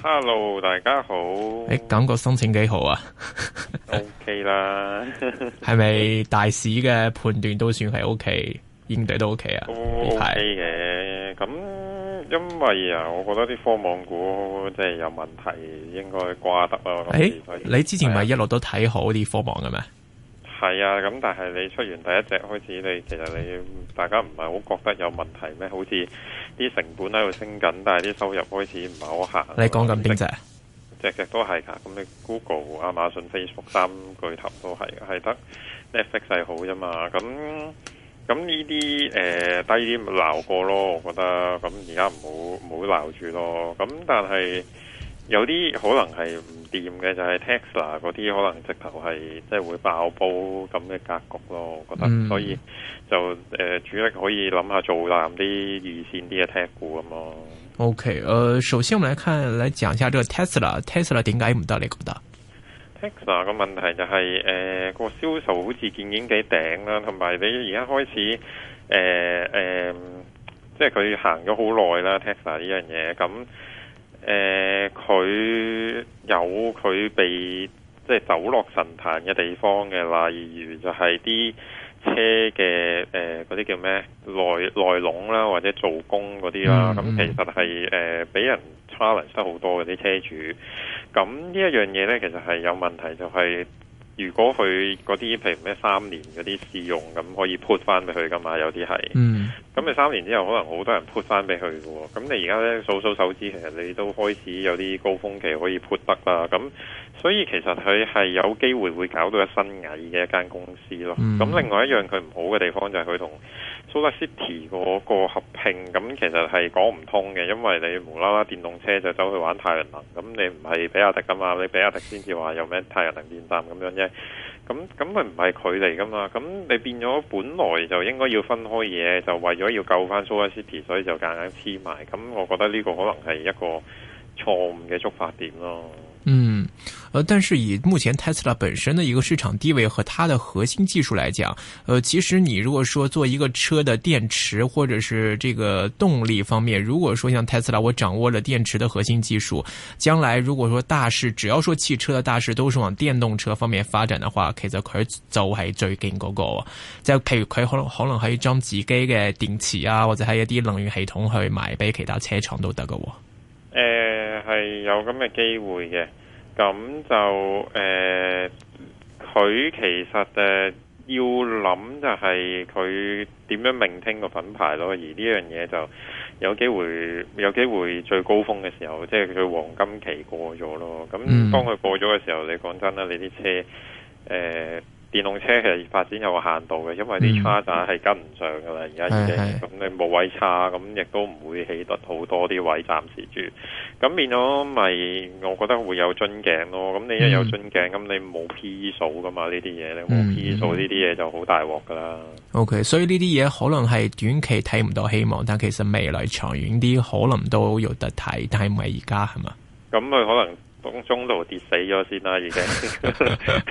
hello，大家好。你、欸、感覺心情幾好啊 ？OK 啦了，係 咪大市嘅判斷都算係 OK，應對都 OK 啊？都 OK 嘅，咁因為啊，我覺得啲科網股即係有問題，應該掛得咯。誒、欸，你之前唔係一路都睇好啲科網嘅咩？係啊，咁但係你出完第一隻開始，你其實你大家唔係好覺得有問題咩？好似。啲成本喺度升緊，但係啲收入開始唔係好行。你講緊邊隻？隻隻都係噶，咁你 Google、Amazon、Facebook 三巨頭都係係得。Netflix 係好啫嘛，咁咁呢啲誒低啲鬧過咯，我覺得咁而家唔好唔好鬧住咯。咁但係。有啲可能係唔掂嘅，就係 Tesla 嗰啲可能直頭係即係會爆煲咁嘅格局咯，我覺得，所以就誒、呃、主力可以諗下做淡啲二線啲嘅 tech 股咁咯。OK，誒、呃，首先我哋嚟看，來講一下呢個 Tesla。Tesla 點解唔得？你覺得？Tesla 個問題就係誒個銷售好似漸漸見頂啦，同埋你而家開始誒誒、呃呃，即係佢行咗好耐啦，Tesla 呢樣嘢咁。誒佢、呃、有佢被即係走落神壇嘅地方嘅，例如就係啲車嘅誒啲叫咩內內籠啦，或者做工嗰啲啦，咁、嗯嗯、其實係誒俾人 challenge 得好多嘅啲車主，咁呢一樣嘢咧，其實係有問題就係、是。如果佢嗰啲譬如咩三年嗰啲試用，咁可以 put 翻俾佢噶嘛？有啲係，咁、mm. 你三年之後可能好多人 put 翻俾佢嘅喎。咁你而家咧數數手指，其實你都開始有啲高峰期可以 put 得啦。咁所以其實佢係有機會會搞到一身蟻嘅一間公司咯。咁、mm. 另外一樣佢唔好嘅地方就係佢同。SolarCity 嗰個合拼，咁，其實係講唔通嘅，因為你無啦啦電動車就走去玩太陽能，咁你唔係比亞迪噶嘛，你比亞迪先至話有咩太陽能電站咁樣啫，咁咁咪唔係佢嚟噶嘛，咁你變咗本來就應該要分開嘢，就為咗要救翻 SolarCity，所以就硬硬黐埋，咁我覺得呢個可能係一個錯誤嘅觸發點咯。呃，但是以目前特斯拉本身的一個市場地位和它的核心技術來講，呃，其實你如果說做一個車的電池，或者是這個動力方面，如果說像特斯拉，我掌握了電池的核心技術，將來如果說大勢，只要說汽車的大勢，都是往電動車方面發展的話，其實佢就係最勁嗰個，個。就譬如佢可可能可以將自己嘅電池啊，或者係一啲能源系統去賣俾其他車廠都得噶。誒，呃，係有咁嘅機會嘅。咁就誒，佢、呃、其實誒、呃、要諗就係佢點樣 maintain 個品牌咯，而呢樣嘢就有機會有機會最高峰嘅時候，即係佢黃金期過咗咯。咁當佢過咗嘅時候，你講真啦，你啲車誒。呃電動車其實發展有限度嘅，因為啲 charge 係跟唔上噶啦，而家已經咁你冇位 charge 咁亦都唔會起得好多啲位暫時住，咁變咗咪，我覺得會有樽頸咯。咁你一有樽頸，咁你冇 P 數噶嘛？呢啲嘢你冇 P 數呢啲嘢就好大鑊噶啦。O K，所以呢啲嘢可能係短期睇唔到希望，但其實未來長遠啲可能都有得睇，但係唔係而家係嘛？咁佢可能。中路跌死咗先啦、啊，已經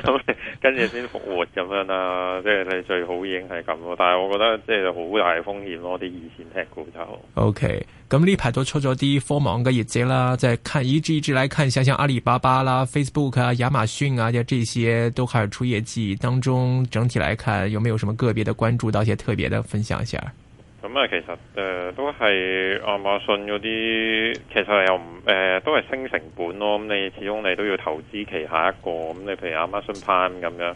咁， 跟住先復活咁樣啦、啊， 即係你最好已經係咁咯。但係我覺得即係好大風險咯、啊，啲二線聽股就。O K，咁呢排都出咗啲科網嘅業績啦，再看一支一支嚟看，像像阿里巴巴啦、Facebook 啊、亞馬遜啊，就這些都開始出業績。當中整體嚟看，有冇有什麼個別的關注到？一些特別嘅分享一下。咁啊、呃，其實誒、呃、都係亞馬遜嗰啲，其實又唔誒都係升成本咯。咁你始終你都要投資旗下一個。咁你譬如亞馬遜 Prime 咁樣，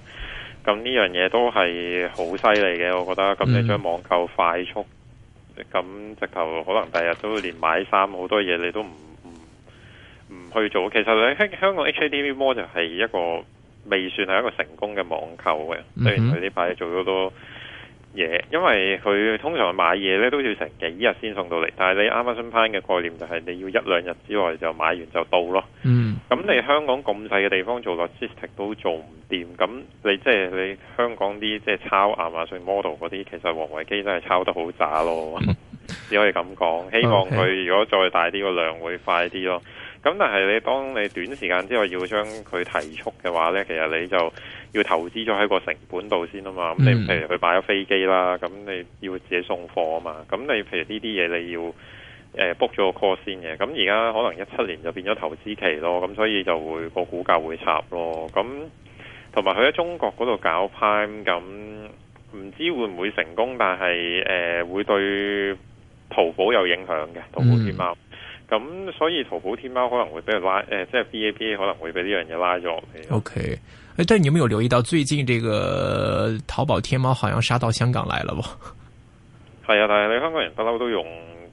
咁呢樣嘢都係好犀利嘅，我覺得。咁你將網購快速，咁直頭可能第日，日都連買衫好多嘢你都唔唔唔去做。其實喺香香港 HKTVmall 就係一個未算係一個成功嘅網購嘅，雖然佢呢排做咗都。嘢，yeah, 因為佢通常買嘢咧都要成幾日先送到嚟，但係你 Amazon Prime 嘅概念就係你要一兩日之內就買完就到咯。嗯，咁你香港咁細嘅地方做 logistic 都做唔掂，咁你即係你香港啲即係抄亞馬遜 model 嗰啲，其實王維基真係抄得好渣咯，mm. 只可以咁講。希望佢如果再大啲個量，會快啲咯。咁但係你當你短時間之後要將佢提速嘅話呢，其實你就要投資咗喺個成本度先啊嘛。咁、嗯、你譬如佢買咗飛機啦，咁你要自己送貨啊嘛。咁你譬如呢啲嘢你要誒 book 咗個 call 先嘅。咁而家可能一七年就變咗投資期咯，咁所以就會個股價會插咯。咁同埋佢喺中國嗰度搞派，咁唔知會唔會成功？但係誒、呃、會對淘寶有影響嘅，淘寶天貓。嗯咁所以淘寶天貓可能會俾佢拉誒、呃，即係 B A B A 可能會俾呢樣嘢拉咗落嚟。O K，誒，但係你有冇留意到最近呢個淘寶天貓好像殺到香港嚟嘞喎，係 啊，但係你香港人不嬲都用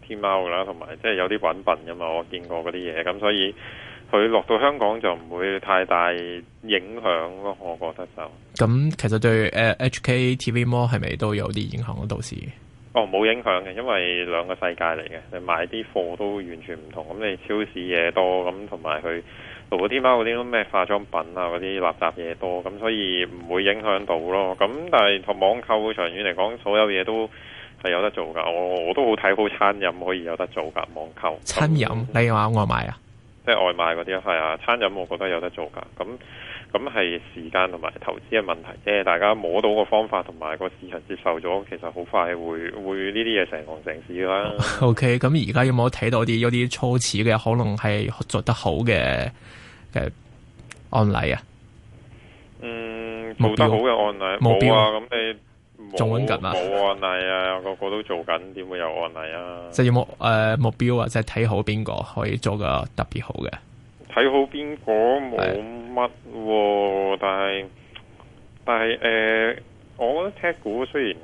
天貓噶啦，同埋即係有啲搵笨噶嘛，我見過嗰啲嘢，咁所以佢落到香港就唔會太大影響咯。我覺得就咁，其實對誒 H K T V Mall 係咪都有啲影響咯？到時。哦，冇影響嘅，因為兩個世界嚟嘅，你買啲貨都完全唔同，咁你超市嘢多，咁同埋去淘寶、天貓嗰啲咩化妝品啊嗰啲垃圾嘢多，咁所以唔會影響到咯。咁但係同網購長遠嚟講，所有嘢都係有得做噶。我我都好睇好餐飲可以有得做噶，網購。餐飲咁你話、啊、外賣啊？即係外賣嗰啲啊，係啊，餐飲我覺得有得做噶。咁。咁係時間同埋投資嘅問題，即係大家摸到個方法同埋個市場接受咗，其實好快會會呢啲嘢，成行成市啦。OK，咁而家有冇睇到啲有啲初始嘅可能係做得好嘅嘅案例啊？嗯，做得好嘅案例目標啊？冇啊！咁你仲揾緊啊？冇案例啊，個個都做緊，點會有案例啊？即係有冇誒目標啊？即係睇好邊個可以做個特別好嘅？睇好邊個冇乜喎，但係但係誒，我覺得聽股雖然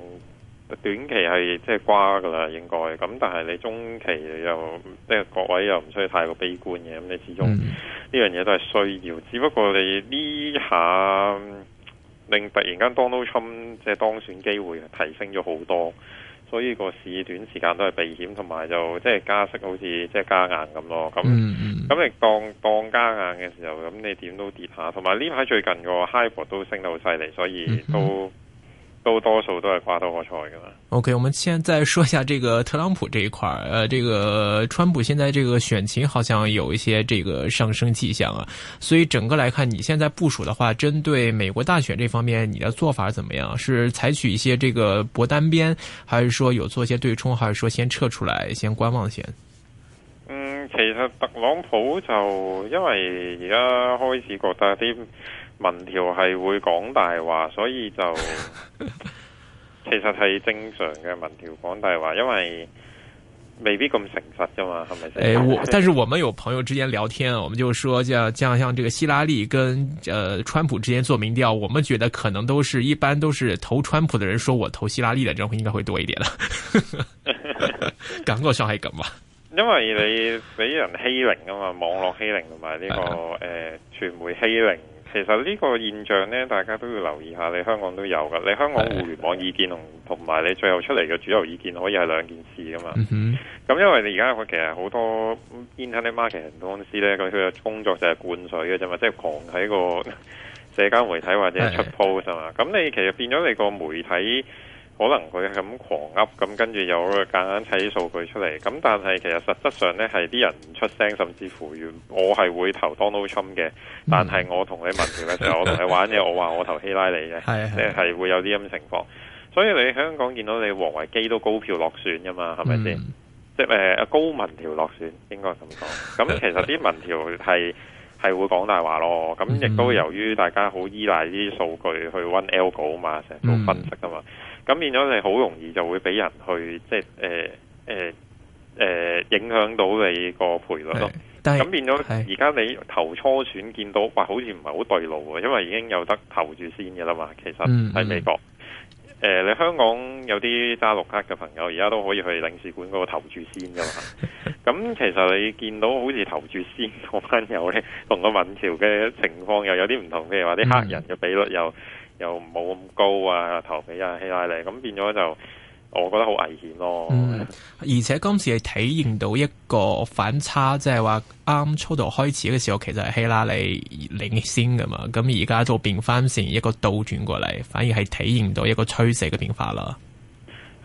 短期係即係瓜㗎喇，應該咁，但係你中期又即係各位又唔需要太過悲觀嘅，咁你始終呢、嗯、樣嘢都係需要，只不過你呢下令突然間 Donald Trump 即係當選機會提升咗好多。所以個市短時間都係避險，同埋就即係加息好，好似即係加硬咁咯。咁咁你當當加硬嘅時候，咁你點都跌下。同埋呢排最近個 HIBOR 都升得好犀利，所以都。都多數都係掛到個菜噶啦。OK，我們現在說一下這個特朗普這一塊，呃，這個川普現在這個選情好像有一些這個上升跡象啊，所以整個來看，你現在部署的話，針對美國大選這方面，你的做法怎麼樣？是採取一些這個博單邊，還是說有做一些對沖，還是說先撤出來，先觀望先？嗯，其實特朗普就因為而家開始覺得啲。民調係會講大話，所以就其實係正常嘅 民調講大話，因為未必咁誠實啫嘛，係咪先？誒、欸，我，但是我們有朋友之間聊天，我們就說，像像像這個希拉里跟、呃、川普之間做民調，我們覺得可能都是一般都是投川普的人，說我投希拉里的，人，咁應該會多一點啦。感覺上係咁嘛，因為你俾人欺凌啊嘛，網絡欺凌同埋呢個誒傳、 呃、媒欺凌。其實呢個現象呢，大家都要留意下。你香港都有㗎，你香港互聯網意見同同埋你最後出嚟嘅主流意見，可以係兩件事㗎嘛？咁、嗯、哼因為你而家我其實好多 internet marketing 公司呢，咁佢嘅工作就係灌水嘅啫嘛，即係狂喺個社交媒體或者出 post 啊嘛、嗯哼。咁你其實變咗你個媒體。可能佢咁狂噏，咁跟住又夾硬砌啲數據出嚟。咁但係其實實質上呢，係啲人唔出聲，甚至乎要我係會投 Donald Trump 嘅。但係我同你民調嘅時候，嗯、我同你玩嘢， 我話我投希拉里嘅，即係是會有啲咁情況。所以你香港見到你王維基都高票落選㗎嘛？係咪先？嗯、即係、呃、高民調落選應該咁講。咁其實啲民調係係會講大話咯。咁亦都由於大家好依賴啲數據去 algo 嘛，成日做分析㗎嘛。咁變咗你好容易就會俾人去即係誒誒誒，影響到你個賠率咯。咁的變咗而家你投初選見到，哇，好似唔係好對路喎，因為已經有得投住先嘅啦嘛。其實喺美國，誒、嗯呃，你香港有啲揸綠卡嘅朋友，而家都可以去領事館嗰度投住先嘅嘛。咁 其實你見到好似投住先嗰班友咧，同個民調嘅情況又有啲唔同，譬如話啲黑人嘅比率又。嗯又冇咁高啊，頭皮啊，希拉里咁變咗就我覺得好危險咯、嗯。而且今次係體現體驗到一個反差，即係話啱初度開始嘅時候其實係希拉里領先噶嘛，咁而家都變翻成一個倒轉過嚟，反而係體驗到一個趨勢嘅變化啦。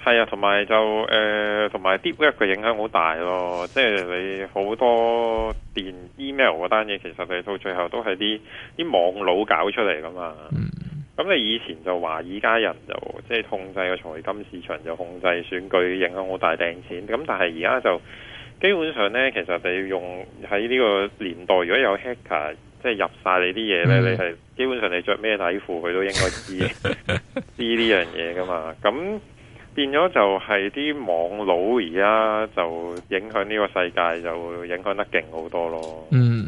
係啊，同埋就誒，同埋 deep work 嘅影響好大咯。即係你好多電 email 嗰單嘢，其實你到最後都係啲啲網佬搞出嚟噶嘛。嗯。咁你以前就華爾街人就即係控制個財金市場就控制選舉，影響好大掟錢，咁但係而家就基本上咧，其實你要用喺呢個年代，如果有 hacker 即係入晒你啲嘢咧，mm hmm. 你係基本上你着咩底褲佢都應該知 知呢樣嘢噶嘛。咁變咗就係啲網佬而家就影響呢個世界，就影響得勁好多咯。嗯、mm。Hmm.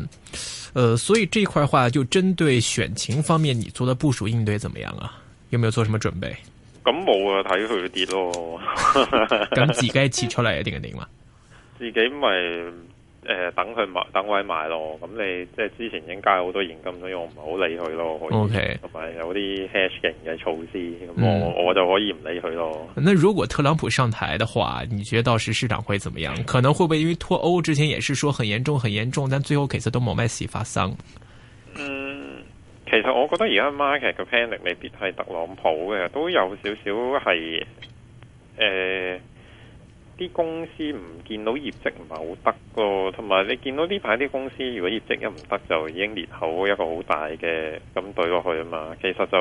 呃，所以這塊話就針對選情方面，你做的部署應對怎麼樣啊？有沒有做什麼準備？咁冇啊，睇佢跌咯。咁自己切出嚟定係點啊？自己咪。誒、呃，等佢買，等位買咯。咁你即係之前已經加好多現金，所以我唔係好理佢咯。O K，同埋有啲 hash 型嘅措施，咁我、嗯、我就可以唔理佢咯。那如果特朗普上台嘅話，你覺得到時市場會怎麼樣？可能會不會因為脫歐之前也是說很嚴重、很嚴重，但最後其實都冇咩事發生？嗯，其實我覺得而家 market 嘅 panic 未必係特朗普嘅，都有少少係誒。呃啲公司唔見到業績唔係好得咯，同埋你見到呢排啲公司，如果業績一唔得就已經裂口一個好大嘅咁對落去啊嘛。其實就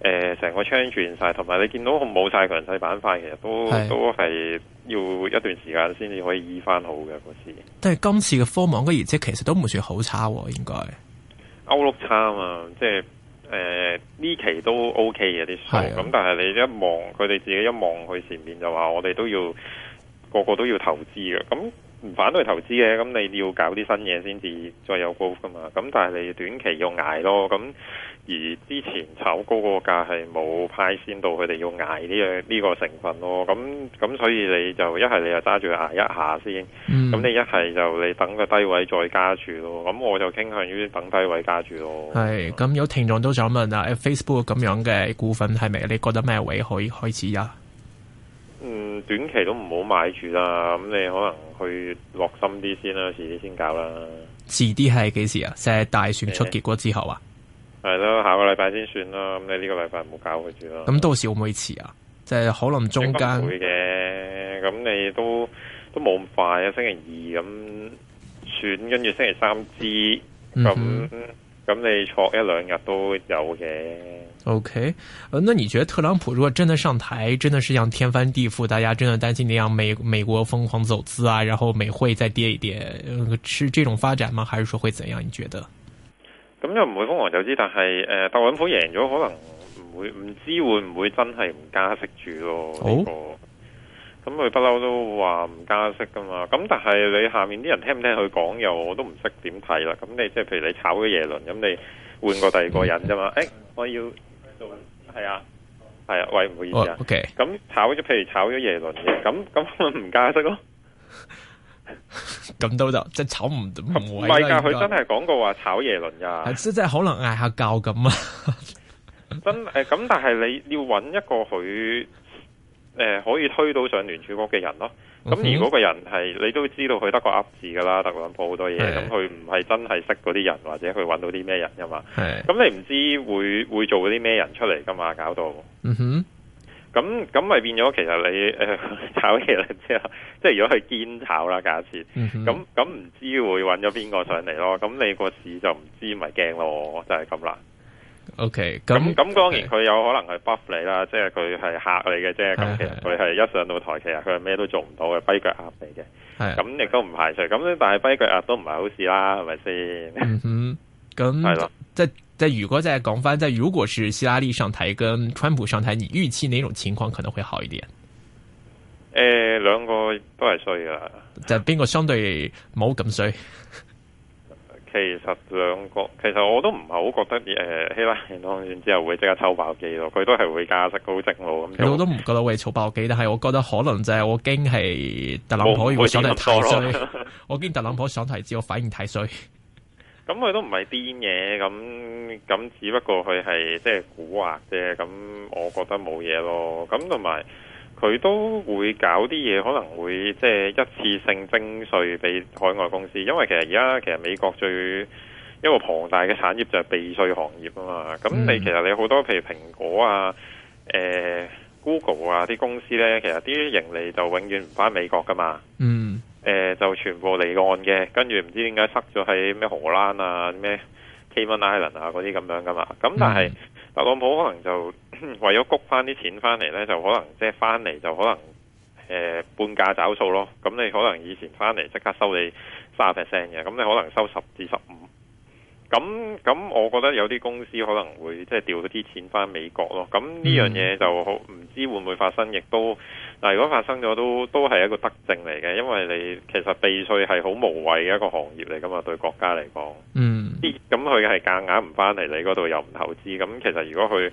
誒成、呃、個圈轉晒，同埋你見到冇晒強勢板塊，其實都的都係要一段時間先至可以醫翻好嘅個市。但係今次嘅科網嘅業績其實都唔算好差喎，啊，應該歐陸差啊嘛。即係誒呢期都 OK 嘅啲數，咁的但係你一望佢哋自己一望去前面就話我哋都要。個個都要投資嘅，咁唔反對投資嘅，咁你要搞啲新嘢先至再有高 r 噶嘛？咁但係你短期要挨咯，咁而之前炒高個價係冇派先到佢哋要挨呢樣呢個成分咯。咁咁所以你就一係你就揸住挨一下先，咁、嗯、你一係就你等個低位再加住咯。咁我就傾向於等低位加住咯。係，咁有聽眾都想問啊，Facebook 咁樣嘅股份係咪？你覺得咩位可以開始呀？嗯，短期都唔好買住啦，咁你可能去落心啲先啦、啊，遲啲先搞啦、啊。遲啲係幾時啊？即係大選出結果之後啊？係咯、嗯，下個禮拜先算啦、啊。咁你呢個禮拜唔好搞佢住啦。咁到時會唔會遲啊？即、就、係、是、可能中間唔會嘅。咁你都都冇咁快啊？星期二咁選，跟住星期三知咁。嗯咁你錯一兩日都有嘅。O、okay. K，呃、那你覺得特朗普如果真的上台，真的是像天翻地覆，大家真的擔心你，你讓美美國瘋狂走資啊，然後美匯再跌一跌，是、呃、這種發展嗎？還是說會怎樣？你覺得？咁又唔會瘋狂走資，但係，誒、呃，特朗普贏咗，可能唔會，唔知會唔會真係唔加息住咯？哦，這個咁佢不嬲都話唔加息噶嘛，咁但係你下面啲人聽唔聽佢講又，我都唔識點睇啦。咁你即係譬如你炒咗耶倫，咁你換個第二個人啫嘛。誒，我要係啊，係啊，喂，唔好意思啊。OK，咁炒咗，譬如炒咗耶倫，咁咁唔加息咯。咁都得，即係炒唔唔係噶，佢真係講過話炒耶倫噶。即係可能嗌下教咁啊。真誒，咁但係你要揾一個佢。誒、呃，可以推到上聯儲局嘅人咯。咁、嗯、哼而嗰個人係，你都知道佢得個噏字噶啦，特朗普好多嘢，咁佢唔係真係識嗰啲人，或者佢搵到啲咩人噶嘛？係的，咁你唔知會會做啲咩人出嚟噶嘛？搞到，嗯哼，咁咁咪變咗，其實你誒、呃、炒嘢嚟之後，即係如果佢堅炒啦，假設，咁咁唔知會搵咗邊個上嚟咯？咁你個市就唔知咪驚咯，就係咁、就是、啦。O K，咁咁，okay, that, okay. 當然佢有可能係 buff 你啦，即係佢係吓你嘅，啫。咁 其實佢係一上到台其實，佢係咩都做唔到嘅跛腳鴨嚟嘅。係咁亦都唔排除咁，但係跛腳鴨都唔係好事啦，係咪先？咁係咯，即係即係如果即係講翻，即係如果是希拉里上台跟川普上台，你預期哪種情況可能會好一點？誒、呃，兩個都係衰㗎啦，就係邊個相對冇咁衰。其實兩個，其實我都唔係好覺得誒、呃，希拉里當選之後會即刻抽爆機咯，佢都係會加息高正路咁樣，我都唔覺得會抽爆機，但係我覺得可能就係我驚係特， 特朗普上台太衰，我驚特朗普上台之後反應太衰。咁佢、 嗯、都唔係癲嘢咁，咁只不過佢係即係蠱惑啫，咁我覺得冇嘢咯。咁同埋。佢都會搞啲嘢，可能會即係一次性徵稅俾海外公司，因為其實而家其實美國最一個龐大嘅產業就係避稅行業啊嘛。咁、嗯、你其實你好多譬如蘋果啊、誒、呃、Google 啊啲公司呢，其實啲盈利就永遠唔返美國噶嘛。嗯。誒、呃，就全部離岸嘅，跟住唔知點解塞咗喺咩荷蘭啊、咩 Cayman Island 啊嗰啲咁樣噶嘛。咁但係特朗普可能就～為咗谷翻啲錢返嚟呢，就可能即係返嚟就可能誒、呃、半價找數咯。咁你可能以前返嚟即刻收你三十 percent 嘅，咁你可能收十至十五。咁咁，我覺得有啲公司可能會即係掉咗啲錢返美國咯。咁呢樣嘢就好唔知會唔會發生，亦都嗱。如果發生咗，都都係一個德政嚟嘅，因為你其實避稅係好無謂嘅一個行業嚟噶嘛。對國家嚟講，嗯，啲咁佢係夾硬唔返嚟，你嗰度又唔投資，咁其實如果佢。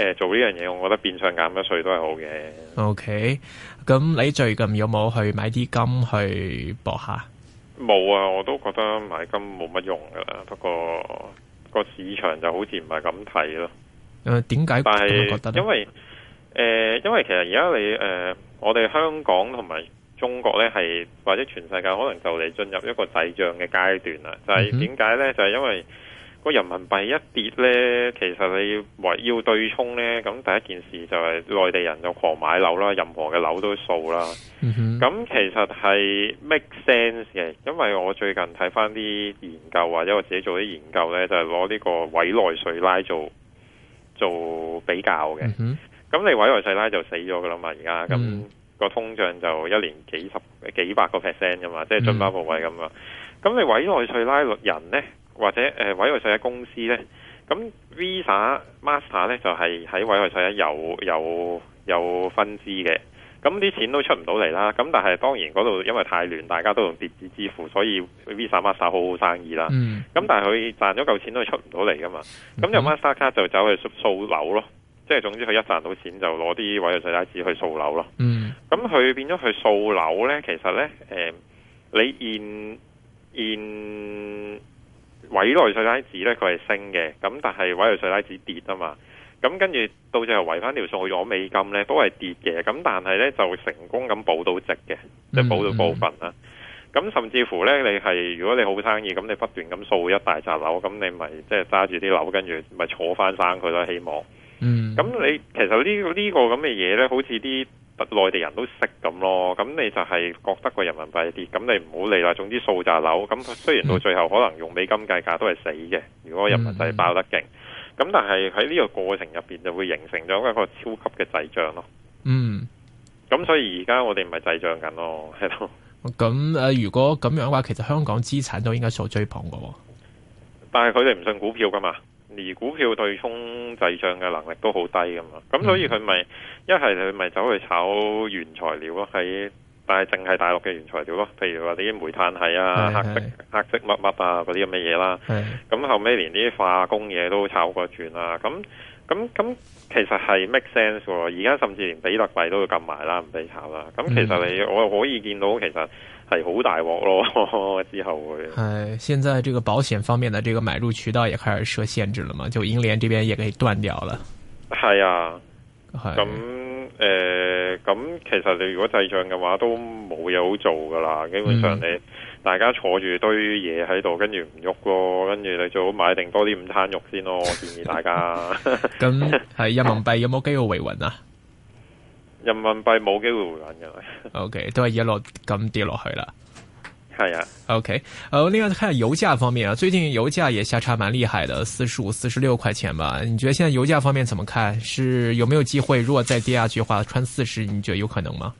誒做呢樣嘢，我覺得變相減咗稅都係好嘅。OK，咁你最近有冇去買啲金去博下？冇啊，我都覺得買金冇乜用噶啦。不過個，個市場就好似唔係咁睇咯。誒點解？但係是因為誒、呃，因為其實而家你誒、呃，我哋香港同埋中國咧，係或者全世界可能就嚟進入一個滯脹嘅階段啦。就係點解咧？就係、是、因為。個人民幣一跌呢，其實你要對沖呢。咁第一件事就係內地人就狂買樓啦，任何嘅樓都掃啦。咁、嗯、哼其實係 make sense 嘅，因為我最近睇翻啲研究或者我自己做啲研究呢，就係攞呢個委內瑞拉做做比較嘅。咁、嗯、哼你委內瑞拉就死咗噶啦嘛，而家咁個通脹就一年幾十幾百個 percent 噶嘛，即係進包部位咁啊。咁、嗯、哼你委內瑞拉人呢。或者誒、呃、委內瑞拉嘅公司咧，咁 Visa、Master 咧就係、是、喺委內瑞拉咧有有有分支嘅，咁啲錢都出唔到嚟啦。咁但係當然嗰度因為太亂，大家都用電子支付，所以 Visa、Master 好好生意啦。咁、mm hmm. 但係佢賺咗嚿錢都出唔到嚟噶嘛。咁入、mm hmm. Master 卡就走去掃掃樓咯，即係總之佢一賺到錢就攞啲委內瑞拉單紙去掃樓咯。咁佢、mm hmm. 變咗去掃樓咧，其實咧誒、呃，你現現。委內瑞拉紙咧，佢係升嘅，咁但係委內瑞拉紙跌啊嘛，咁跟住到最後圍翻條數攞美金咧，都係跌嘅，咁但係咧就成功咁保到值嘅，嗯嗯即係保到部分啦。咁甚至乎咧，你係如果你好生意，咁你不斷咁掃一大紮樓，咁你咪即係揸住啲樓，跟住咪坐翻生佢都希望。嗯，嗯，嗯。咁、嗯、你其實呢、呢個呢、呢個咁嘅嘢咧，好似啲。內地人都識咁咯，咁你就係覺得個人民幣跌，咁你唔好理啦。總之數扎樓，咁雖然到最後可能用美金計價都係死嘅。如果人民幣爆得勁，咁、嗯、但係喺呢個過程入邊就會形成咗一個超級嘅滯脹咯。嗯，咁所以而家我哋唔係滯脹緊咯，係咯。咁誒，如果咁樣嘅話，其實香港資產都應該受追捧嘅，但係佢哋唔信股票㗎嘛。.而股票對沖滯脹嘅能力都好低㗎嘛，咁所以佢咪一係佢咪走去炒原材料咯，喺但係淨係大陸嘅原材料咯，譬如話啲煤炭係啊，黑色黑色乜乜啊嗰啲咁嘅嘢啦，咁是是 後尾連啲化工嘢都炒過轉啊，咁咁咁其實係 make sense 喎，而家甚至連比特幣都要撳埋啦，唔俾炒啦，咁其實你我可以見到其實。係好大鑊咯！之後誒，現在這個保險方面的這個買入渠道也開始設限制了嘛？就銀聯這邊也可以斷掉了。係、呃、啊，咁誒，咁其實你如果滯漲嘅話，都冇嘢好做噶啦。基本上你大家坐住堆嘢喺度，跟住唔喐咯，跟住你最好買定多啲午餐肉先咯。我建議大家。咁係人民幣有冇機會維穩啊？人民幣冇機會回穩嘅，OK，都係一路咁跌落去啦。係啊，OK，、呃、另外睇下油價方面啊，最近油價也下差蠻厲害的，四十五、四十六塊錢吧。你覺得現在油價方面怎麼看？是有沒有機會如果再跌下去的話，穿四十，你覺得有可能嗎？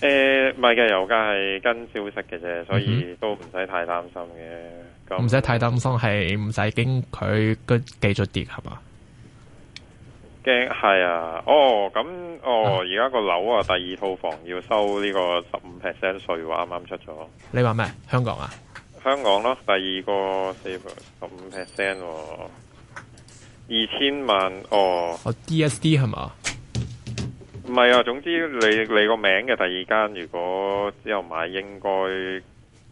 誒、呃，唔係嘅，油價係跟消息嘅啫，所以都唔使太擔心嘅。唔使、嗯、咁太擔心，係唔使驚佢跟繼續跌係嘛。驚係啊，哦咁，哦而家、啊、個樓啊，第二套房要收呢個十五 percent 稅喎，啱啱出咗。你話咩？香港啊？香港咯，第二個四十五 percent，二千萬哦。哦、DS、D S D 係嘛？唔係啊，總之你你個名嘅第二間，如果之後買應該。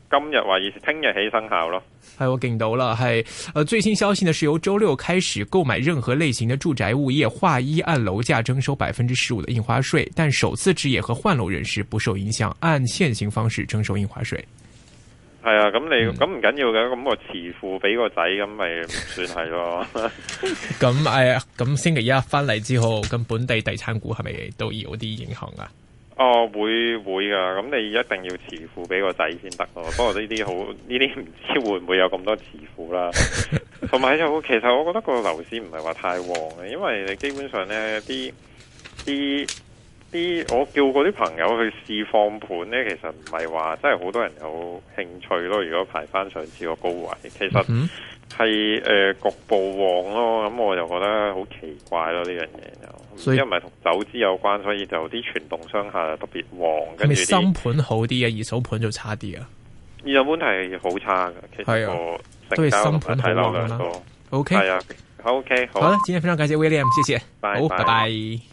今日話要聽日起生效咯，係、哎、我見到啦，係，呃，最新消息呢，是由周六開始購買任何類型嘅住宅物業，劃一按樓價徵收百分之十五嘅印花稅，但首次置業和換樓人士不受影響，按現行方式徵收印花稅。係啊、嗯，咁你咁唔緊要嘅，咁我慈父俾個仔咁咪算係咯。咁、嗯、誒，咁星期一翻嚟之後，咁本地地產股係咪都有啲影響啊？哦，會會噶，咁、嗯、你一定要持付俾個仔先得咯。不過呢啲好，呢啲唔知會唔會有咁多持付啦。同埋又，其實我覺得個樓市唔係話太旺嘅，因為你基本上呢，啲啲。啲我叫嗰啲朋友去試放盤咧，其實唔係話真係好多人有興趣咯。如果排翻上次個高位，其實係誒、呃、局部旺咯。咁、嗯、我又覺得好奇怪咯，呢樣嘢，又以。因為唔係同走資有關，所以就啲傳統商係特別旺。跟住新盤好啲嘅，二手盤就差啲啊。二手盤係好差嘅，啊，其實啊，都係新盤好旺啦。O K，OK，OK，okay，啊 okay，好啦，今日非常感謝 William，謝謝，拜拜好。